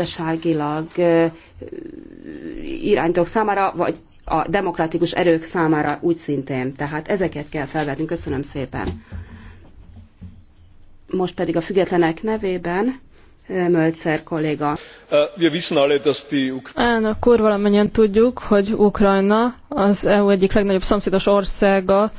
gazdaságilag iránytok számára, vagy a demokratikus erők számára úgy szintén. Tehát ezeket kell felvetni. Köszönöm szépen. Most pedig a függetlenek nevében Mölcer kolléga. Elnök úr, valamennyien tudjuk, hogy Ukrajna az EU egyik legnagyobb szomszédos országa,